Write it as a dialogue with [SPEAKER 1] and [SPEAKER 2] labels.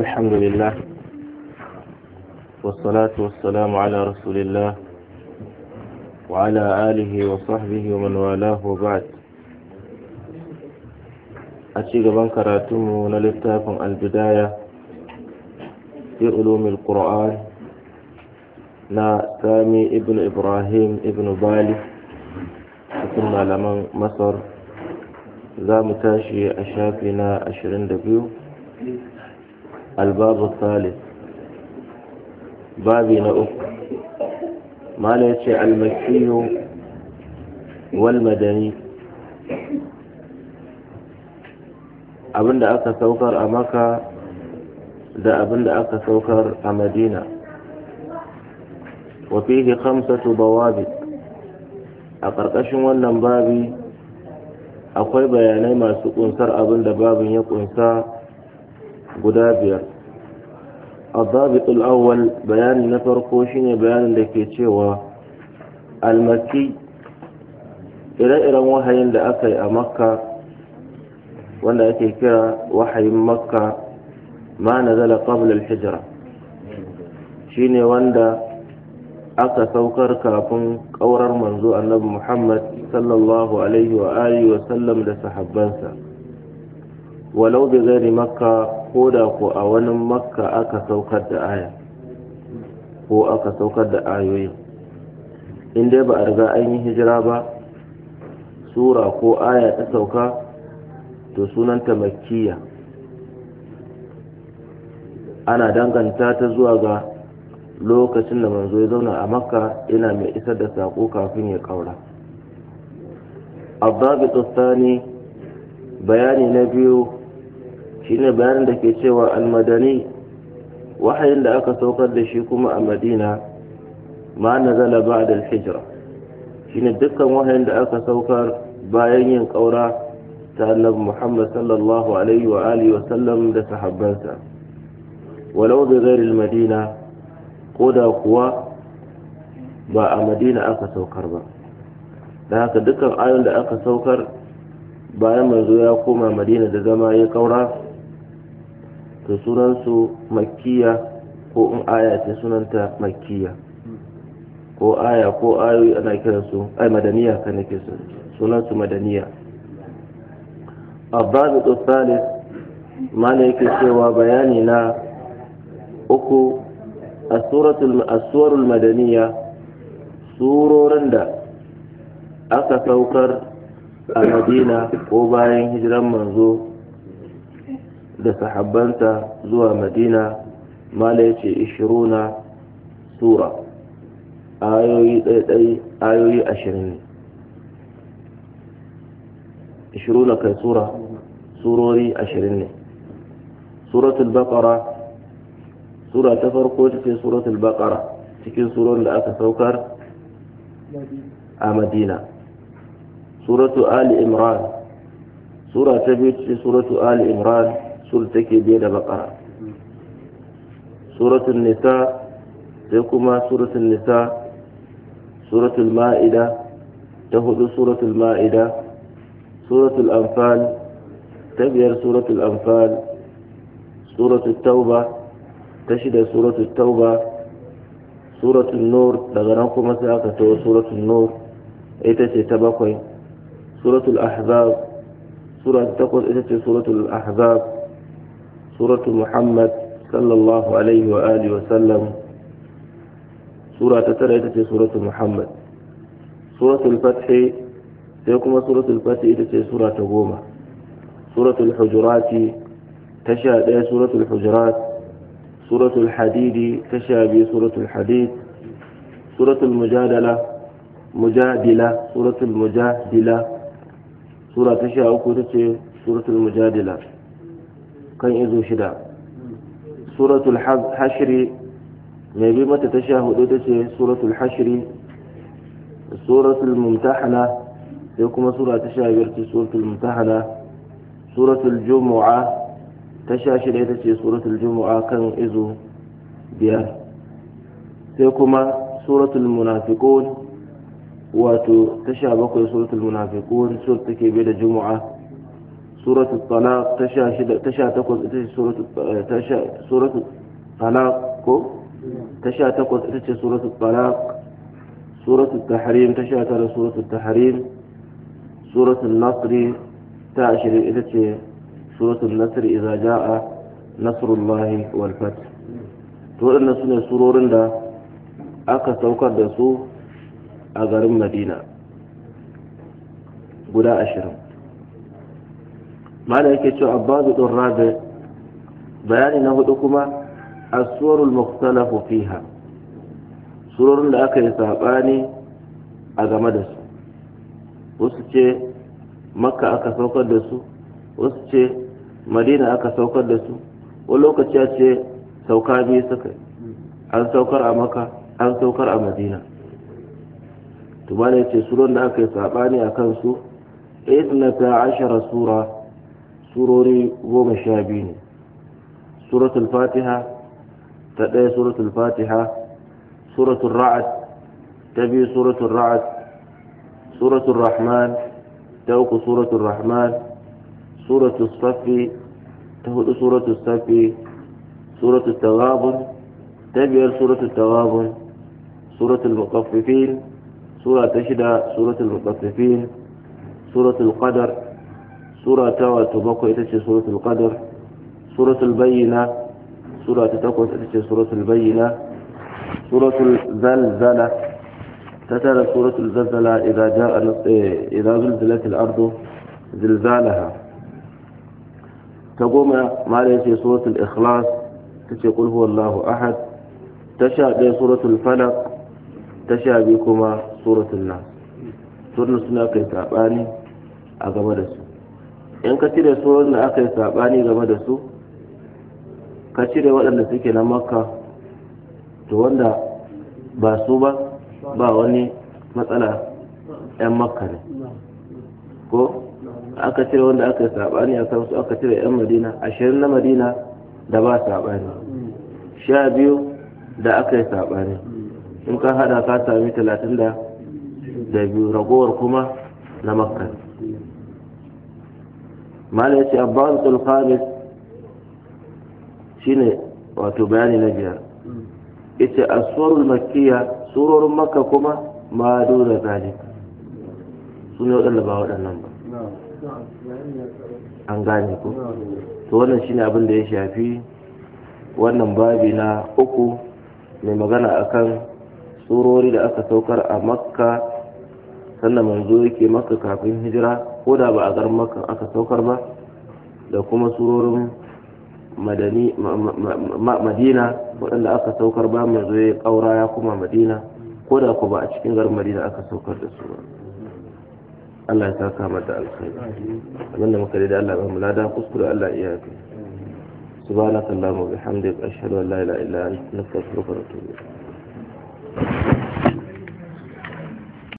[SPEAKER 1] الحمد لله والصلاة والسلام على رسول الله وعلى آله وصحبه ومن والاه وبعد أشيغ بنكراتم للتاف البداية في علوم القرآن نا سامي ابن إبراهيم ابن بالي ثم لمن مصر za mu tashi a shafi na biyu. الباب الثالث بابي نؤك
[SPEAKER 2] ما ليش المكي
[SPEAKER 1] والمدني abin da aka saukar a maka da abin da aka saukar a madina wafihi khamsatu bawabi a ƙarƙashin wannan babi akwai bayanai masu ƙunsar abin da babin ya ƙunsa guda biyar al-awwal bayani na farko shine bayanin da ke cewa almaki ire-iren wahayin da aka yi a makka wanda ake kira wahayin makka ma na zala ƙabilar hijira wanda aka saukar kafin ƙaurar manzo annabi muhammad sallallahu alaihi wa sallam da sahabbansa. walau bi gari makka ko da ku a wani makka aka saukar da aya ko aka saukar da ayoyin in dai ba a riga an yi hijira ba sura ko aya ta sauka to sunanta makkiya ana danganta ta zuwa ga lokacin da manzo ya zauna a makka ina mai isar da sako kafin ya ƙaura الضابط الثاني bayani na biyu shine bayanin da ke cewa almadani wahayin da aka saukar da shi kuma a madina ma nazala ba'da al-hijra shine dukkan wahayin da aka saukar bayan yin kaura ta annabi Muhammad sallallahu alaihi wa alihi wa sallam da sahabbansa walau da ghairi al-madina koda kuwa ba a madina aka saukar ba da haka dukkan ayon da aka saukar bayan manzo ya koma madina da zama ya kaura to sunansu makkiya ko in aya ce sunanta makkiya ko aya ko ayoyi ana kiransu ai madaniya kan nake sunansu madaniya abbasu tsalis mana yake cewa bayani na uku asuratul madaniya surorin da aka saukar a madina ko bayan hijiran manzo da sahabbansa zuwa madina mala ya ce ishiruna sura ayoyi ɗaiɗai ayoyi ashirin ne ishiruna kai sura surori ashirin ne suratul baqara sura ta farko ta ce suratul baqara cikin surorin da aka saukar a madina suratu ali imran sura ta biyu ce suratu ali imran sul take biye da bakara suratul nisa sai kuma suratul nisa suratul ma'ida ta hudu suratul ma'ida suratul anfal ta biyar suratul anfal suratul tauba ta shida suratul tauba suratul nur daga nan kuma sai aka tawo suratul nur ita ce ta bakwai suratul ahzab sura ta takwas ita ce suratul ahzab سورة محمد صلى الله عليه وآله وسلم سورة تترى سورة محمد سورة الفتح سيكون سورة الفتح إتتي سورة قومة سورة الحجرات تشاء سورة الحجرات سورة الحديد تشاء بي سورة الحديد سورة المجادلة مجادلة سورة المجادلة سورة تشاء أكو سورة المجادلة kan izo shida suratul hashiri mai bi mata ta hudu ta ce suratul hashiri suratul mumtahana sai kuma sura ta suratul mumtahana suratul jumu'a ta sha shida ita ce suratul jumu'a kan sai kuma suratul wato ta bakwai suratul munafiqun da jumu'a suratul talaq ta sha takwas ita ce suratul ta sha suratul talaq ko ta sha takwas ita ce suratul talaq suratul tahrim ta sha tara suratul tahrim suratul nasr ta ashirin ita ce suratul nasr idza jaa nasrullahi wal fath to su ne surorin da aka saukar da su a garin madina guda ashirin mala yake cewa babu don rabe bayani na hudu kuma asuwarul muktalafu fiha surorin da aka yi saɓani a game da su wasu ce makka aka saukar da su wasu ce madina aka saukar da su wani lokaci a ce sauka biyu suka an saukar a makka an saukar a madina tumana ce surorin da aka yi saɓani a kansu isnata ashara sura سروري ومشابين سورة الفاتحة تدعي سورة الفاتحة سورة الرعد تبي سورة الرعد سورة الرحمن توق سورة الرحمن سورة الصفي تهد سورة الصفي سورة التغابن تبي سورة التغابن سورة المطففين سورة تشدى سورة المطففين سورة القدر sura ta wato bakwai ita ce suratul qadar suratul bayyina sura ta takwas ita ce suratul bayyina suratul zalzala ta tara suratul zalzala idan ja'a eh, idan zulzilatil ardu zilzalaha ta goma mala ce suratul ikhlas ce qul huwallahu ahad ta sha ɗaya suratul falaq ta sha biyu kuma suratul nas sunan suna kai tabani a gaba da su in ka cire su wanda aka yi saɓani game da su ka cire waɗanda suke na makka to wanda ba su ba ba wani matsala 'yan makka ne ko aka cire wanda aka yi saɓani a kan su aka cire 'yan madina ashirin na madina da ba saɓani sha biyu da aka yi saɓani in ka hada ka sami talatin da biyu ragowar kuma na makka ne. mala ya ce abbasul khamis shine wato bayani na biyar ita aswarul makkiya surorin makka kuma ma dole zalika su ne waɗanda ba waɗannan ba an gane ku to wannan shine abin da ya shafi wannan babi na uku mai magana akan surori da aka saukar a makka sannan manzo yake maka kafin hijira ko da ba a garin maka aka saukar ba da kuma surorin madina waɗanda aka saukar ba manzo ya ƙaura ya kuma madina ko da ku ba a cikin garin madina aka saukar da su ba Allah ya saka mata alkhairi abinda muka da Allah ba mu lada kuskure Allah iya ka subhanakallahumma wa bihamdika ashhadu an la ilaha illa anta astaghfiruka wa atubu ilaik